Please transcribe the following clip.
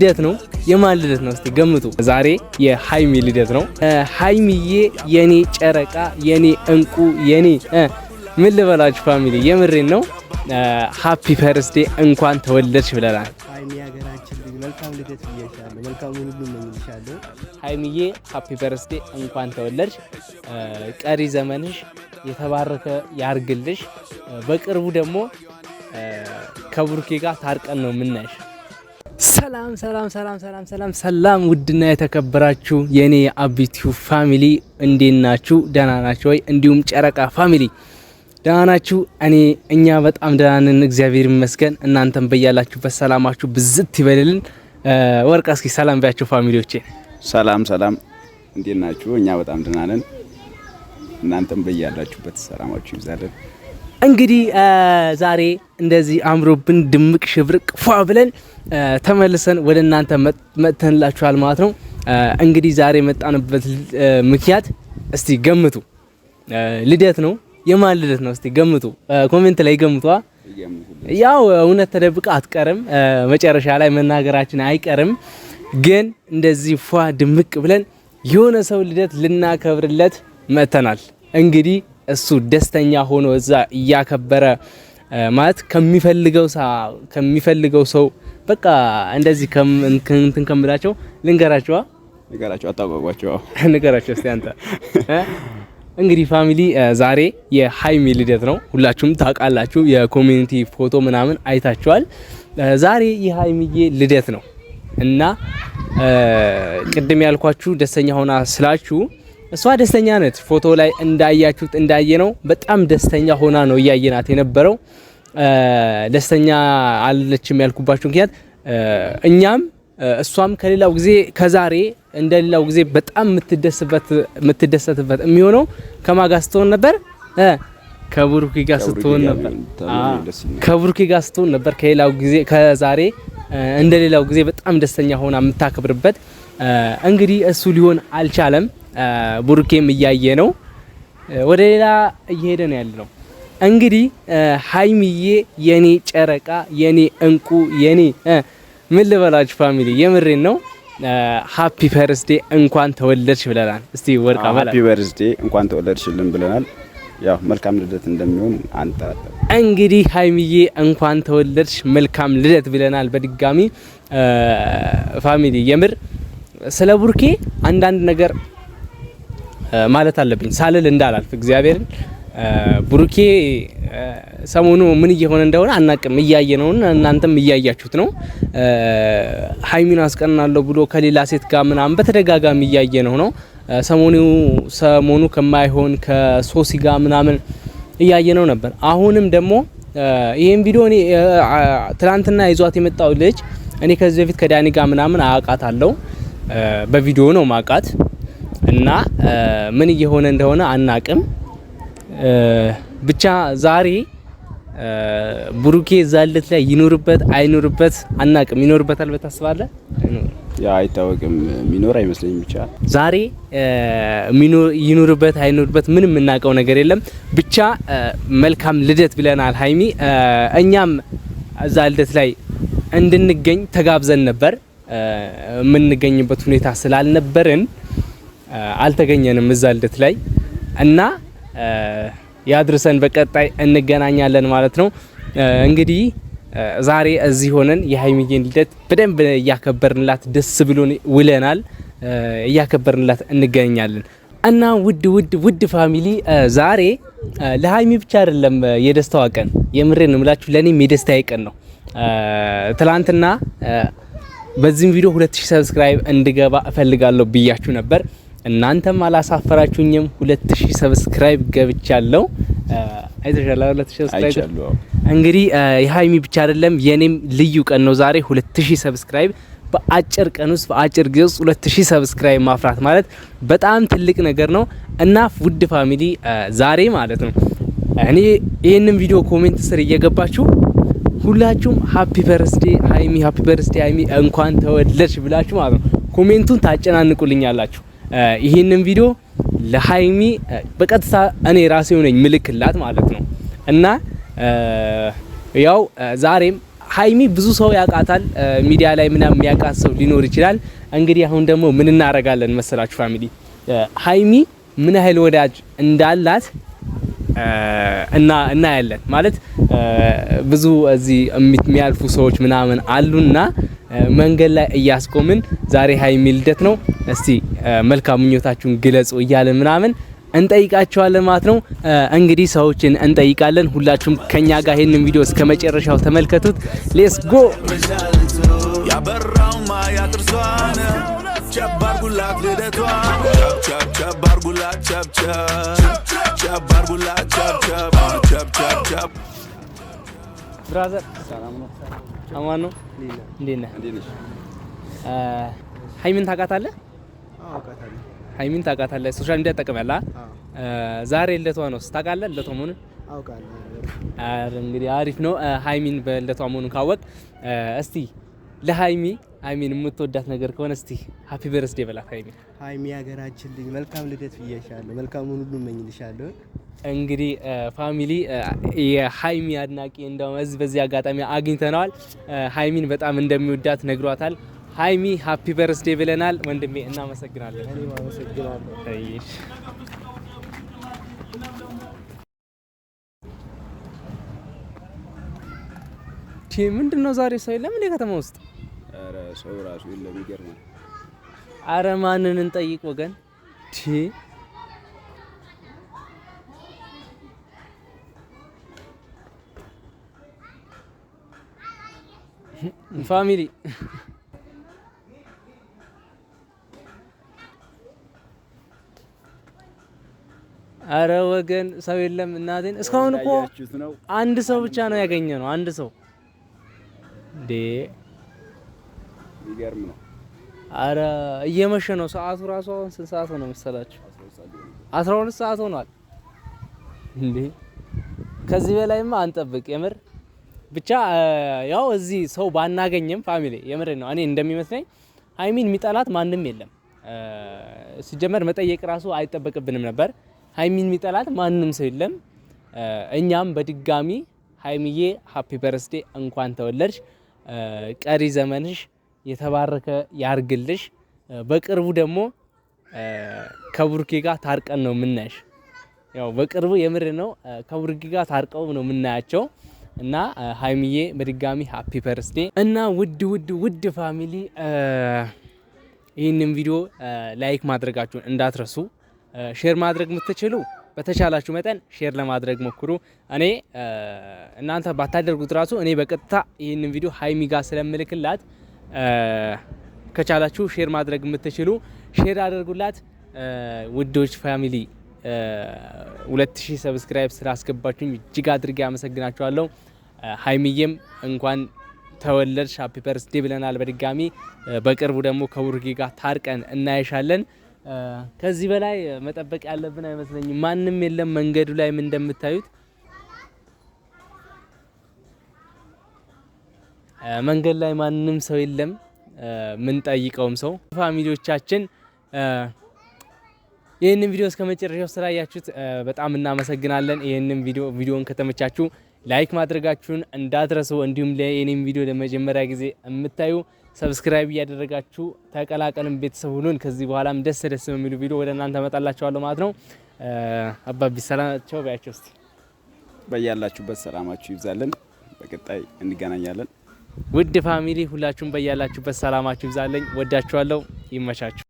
ልደት ነው። የማን ልደት ነው? እስቲ ገምቱ። ዛሬ የሀይሚ ልደት ነው። ሀይሚዬ የኔ ጨረቃ፣ የኔ እንቁ፣ የኔ ምን ልበላችሁ ፋሚሊ፣ የምሬን ነው። ሃፒ ፈርስዴ እንኳን ተወለድሽ ብለናል። ሀይሚዬ ሃፒ ፈርስዴ እንኳን ተወለድሽ። ቀሪ ዘመንሽ የተባረከ ያርግልሽ። በቅርቡ ደግሞ ከቡርኬ ጋር ታርቀን ነው የምናይሽ ሰላም ሰላም ሰላም ሰላም ሰላም ሰላም ውድና የተከበራችሁ የኔ የአቢቲዩ ፋሚሊ እንዴት ናችሁ? ደህና ናችሁ ወይ? እንዲሁም ጨረቃ ፋሚሊ ደህና ናችሁ? እኔ እኛ በጣም ደህና ነን፣ እግዚአብሔር ይመስገን። እናንተም በያላችሁበት ሰላማችሁ ብዝት ይበልልን። ወርቅ እስኪ ሰላም ቢያችሁ ፋሚሊዎቼ። ሰላም ሰላም፣ እንዴት ናችሁ? እኛ በጣም ደህና ነን፣ እናንተም በያላችሁበት ሰላማችሁ ይብዛልን። እንግዲህ ዛሬ እንደዚህ አምሮብን ድምቅ ሽብርቅ ፏ ብለን ተመልሰን ወደ እናንተ መጥተንላችኋል ማለት ነው። እንግዲህ ዛሬ የመጣንበት ምክንያት እስቲ ገምቱ። ልደት ነው። የማን ልደት ነው? እስቲ ገምቱ። ኮሜንት ላይ ገምቷ። ያው እውነት ተደብቃ አትቀርም። መጨረሻ ላይ መናገራችን አይቀርም። ግን እንደዚህ ፏ ድምቅ ብለን የሆነ ሰው ልደት ልናከብርለት መጥተናል እንግዲህ እሱ ደስተኛ ሆኖ እዛ እያከበረ ማለት ከሚፈልገው ከሚፈልገው ሰው በቃ እንደዚህ እንትን ከምላቸው ልንገራቸዋ ንገራቸው አታቋቋቸው ንገራቸው። እስቲ አንተ እንግዲህ ፋሚሊ ዛሬ የሀይሚ ልደት ነው፣ ሁላችሁም ታውቃላችሁ። የኮሚኒቲ ፎቶ ምናምን አይታችኋል። ዛሬ የሀይሚዬ ልደት ነው እና ቅድም ያልኳችሁ ደስተኛ ሆና ስላችሁ እሷ ደስተኛ ነች። ፎቶ ላይ እንዳያችሁት እንዳየ ነው በጣም ደስተኛ ሆና ነው እያየናት የነበረው። ደስተኛ አለችም ያልኩባችሁ ምክንያት እኛም እሷም ከሌላው ጊዜ ከዛሬ እንደ ሌላው ጊዜ በጣም የምትደሰትበት የሚሆነው ከማጋ ስትሆን ነበር ከቡሩኪ ጋር ስትሆን ነበር። ከቡሩኪ ጋር ስትሆን ነበር ከሌላው ጊዜ ከዛሬ እንደ ሌላው ጊዜ በጣም ደስተኛ ሆና የምታከብርበት። እንግዲህ እሱ ሊሆን አልቻለም። ቡርኬም እያየ ነው፣ ወደ ሌላ እየሄደ ነው ያለ ነው። እንግዲህ ሀይሚዬ የኔ ጨረቃ፣ የኔ እንቁ፣ የኔ ምን ልበላችሁ ፋሚሊ፣ የምሬን ነው። ሀፒ በርስዴ እንኳን ተወለድሽ ብለናል። እስቲ ወርቃ ሀፒ በርስዴ እንኳን ተወለድሽልን ብለናል። ያው መልካም ልደት እንደሚሆን አንጠራጠር። እንግዲህ ሀይሚዬ እንኳን ተወለድሽ መልካም ልደት ብለናል በድጋሚ ፋሚሊ። የምር ስለ ቡርኬ አንዳንድ ነገር ማለት አለብኝ ሳልል እንዳላልፍ እግዚአብሔርን ብሩኬ ሰሞኑ ምን እየሆነ እንደሆነ አናቅም፣ እያየ ነው፣ እናንተም እያያችሁት ነው። ሀይሚን አስቀናለሁ ብሎ ከሌላ ሴት ጋር ምናምን በተደጋጋሚ እያየ ነው ነው ሰሞኑ ሰሞኑ ከማይሆን ከሶሲ ጋር ምናምን እያየ ነው ነበር። አሁንም ደግሞ ይህም ቪዲዮ እኔ ትናንትና ይዟት የመጣው ልጅ እኔ ከዚህ በፊት ከዳኒ ጋር ምናምን አለው በቪዲዮ ነው ማቃት። እና ምን እየሆነ እንደሆነ አናቅም። ብቻ ዛሬ ብሩኬ እዛ ልደት ላይ ይኖርበት አይኖርበት አናቅም። ይኖርበታል በታስባለ ያ አይታወቅም። ሚኖር አይመስለኝም። ብቻ ዛሬ ይኖርበት አይኖርበት ምንም የምናውቀው ነገር የለም። ብቻ መልካም ልደት ብለናል ሀይሚ። እኛም እዛ ልደት ላይ እንድንገኝ ተጋብዘን ነበር የምንገኝበት ሁኔታ ስላልነበርን አልተገኘንም እዛ ልደት ላይ እና ያድርሰን። በቀጣይ እንገናኛለን ማለት ነው። እንግዲህ ዛሬ እዚህ ሆነን የሀይሚዬን ልደት በደንብ እያከበርንላት ደስ ብሎን ውለናል። እያከበርንላት እንገኛለን እና ውድ ውድ ውድ ፋሚሊ ዛሬ ለሀይሚ ብቻ አይደለም የደስታዋ ቀን፣ የምሬን እምላችሁ ለእኔም የደስታዬ ቀን ነው። ትላንትና በዚህም ቪዲዮ 2000 ሰብስክራይብ እንድገባ እፈልጋለሁ ብያችሁ ነበር። እናንተም አላሳፈራችሁኝም። 2000 ሰብስክራይብ ገብቻለሁ። አይተሻላ 2000 ሰብስክራይብ እንግዲህ የሀይሚ ብቻ አይደለም የኔም ልዩ ቀን ነው ዛሬ 2000 ሰብስክራይብ በአጭር ቀን ውስጥ በአጭር ጊዜ ውስጥ 2000 ሰብስክራይብ ማፍራት ማለት በጣም ትልቅ ነገር ነው እና ውድ ፋሚሊ ዛሬ ማለት ነው እኔ ይህንን ቪዲዮ ኮሜንት ስር እየገባችሁ ሁላችሁም ሀፒ በርስዴ ሀይሚ ሀፒ በርስዴ ሀይሚ እንኳን ተወለድሽ ብላችሁ ማለት ነው ኮሜንቱን ታጨናንቁልኛላችሁ። ይህንን ቪዲዮ ለሀይሚ በቀጥታ እኔ ራሴ የሆነኝ ምልክላት ማለት ነው እና ያው ዛሬም ሀይሚ ብዙ ሰው ያውቃታል። ሚዲያ ላይ ምናምን የሚያውቃት ሰው ሊኖር ይችላል። እንግዲህ አሁን ደግሞ ምን እናደርጋለን መሰላችሁ ፋሚሊ ሀይሚ ምን ያህል ወዳጅ እንዳላት እና እናያለን ማለት ብዙ እዚህ የሚያልፉ ሰዎች ምናምን አሉና መንገድ ላይ እያስቆምን ዛሬ ሀይሚ ልደት ነው እስቲ መልካም ምኞታችሁን ግለጹ እያለን ምናምን እንጠይቃቸዋለን ማለት ነው። እንግዲህ ሰዎችን እንጠይቃለን። ሁላችሁም ከኛ ጋር ይህንን ቪዲዮ እስከ መጨረሻው ተመልከቱት። ሌስ ጎ ያበራው ማያ ጥርሷን ቸባር ጉላት ብራዘር አማን ነው። እንዴት ነህ? ሀይሚን ታውቃታለህ? ሀይሚን ታውቃታለህ? ሶሻል ሚዲያ ትጠቀማለህ? ዛሬ ልደቷ ነው። ታውቃለህ ልደቷ መሆኑን? አውቃለሁ። እንግዲህ አሪፍ ነው። ሀይሚን በልደቷ መሆኑን ካወቅ እስቲ ለሀይሚ ሀይሚን የምትወዳት ነገር ከሆነ እስቲ ሀፒ በርስ ዴ በላት። ሀይሚ ሀይሚ ሀገራችን ልጅ መልካም ልደት ብያሻለሁ። መልካሙን ሁሉ እመኝልሻለሁ። እንግዲህ ፋሚሊ የሀይሚ አድናቂ እንደውም በዚህ አጋጣሚ አግኝተነዋል። ሀይሚን በጣም እንደሚወዳት ነግሯታል። ሀይሚ ሀፒ በርስዴ ብለናል። ወንድሜ እናመሰግናለን። ምንድን ነው ዛሬ ሰው የለም እንዴ ከተማ ውስጥ? ኧረ ሰው ራሱ የለም። ይገርማል። አረ ማንን እንጠይቅ ወገን? ፋሚሊ አረ ወገን ሰው የለም። እናቴን እስካሁን እኮ አንድ ሰው ብቻ ነው ያገኘ ነው። አንድ ሰው እንዴ! ይገርም ነው። አረ እየመሸ ነው። ሰዓቱ ራሱ አሁን ስንት ሰዓት ሆነ መሰላችሁ? 12 ሰዓት ሆኗል። እንዴ! ከዚህ በላይማ አንጠብቅ። የምር ብቻ ያው እዚህ ሰው ባናገኝም ፋሚሊ፣ የምር ነው እኔ እንደሚመስለኝ ሀይሚን የሚጠላት ማንም የለም። ሲጀመር መጠየቅ ራሱ አይጠበቅብንም ነበር። ሀይሚን የሚጠላት ማንም ሰው የለም። እኛም በድጋሚ ሀይሚዬ ሀፒ በርስዴ እንኳን ተወለድሽ፣ ቀሪ ዘመንሽ የተባረከ ያርግልሽ። በቅርቡ ደግሞ ከቡርኬ ጋር ታርቀን ነው የምናያሽ። ያው በቅርቡ የምር ነው ከቡርኬ ጋር ታርቀው ነው የምናያቸው። እና ሀይሚዬ በድጋሚ ሀፒ በርስዴ። እና ውድ ውድ ውድ ፋሚሊ ይህንን ቪዲዮ ላይክ ማድረጋችሁን እንዳትረሱ። ሼር ማድረግ የምትችሉ በተቻላችሁ መጠን ሼር ለማድረግ ሞክሩ። እኔ እናንተ ባታደርጉት ራሱ እኔ በቀጥታ ይህንን ቪዲዮ ሀይሚ ጋር ስለምልክላት ከቻላችሁ ሼር ማድረግ የምትችሉ ሼር አድርጉላት። ውዶች ፋሚሊ 2000 ሰብስክራይብ አስገባችሁኝ እጅግ አድርጌ አመሰግናችኋለሁ። ሀይሚዬም እንኳን ተወለድሽ ሀፒ በርስዴ ብለናል በድጋሚ። በቅርቡ ደግሞ ከቡርጌ ጋር ታርቀን እናይሻለን። ከዚህ በላይ መጠበቅ ያለብን አይመስለኝም። ማንም የለም መንገዱ ላይም እንደምታዩት መንገድ ላይ ማንም ሰው የለም። ምን ጠይቀውም ሰው ፋሚሊዎቻችን ይህንን ቪዲዮ እስከ መጨረሻው ስላያችሁት በጣም እናመሰግናለን። ይህንን ቪዲዮ ቪዲዮን ከተመቻችሁ ላይክ ማድረጋችሁን እንዳትረሱ። እንዲሁም ለእኔም ቪዲዮ ለመጀመሪያ ጊዜ የምታዩ ሰብስክራይብ እያደረጋችሁ ተቀላቀልን ቤተሰብ ሁሉን። ከዚህ በኋላም ደስ ደስ የሚሉ ቪዲዮ ወደ እናንተ መጣላችኋለሁ ማለት ነው። አባቢ ሰላማቸው በያቸው እስቲ በያላችሁበት ሰላማችሁ ይብዛለን። በቀጣይ እንገናኛለን። ውድ ፋሚሊ ሁላችሁም በያላችሁበት ሰላማችሁ ይብዛለኝ። ወዳችኋለሁ። ይመቻችሁ።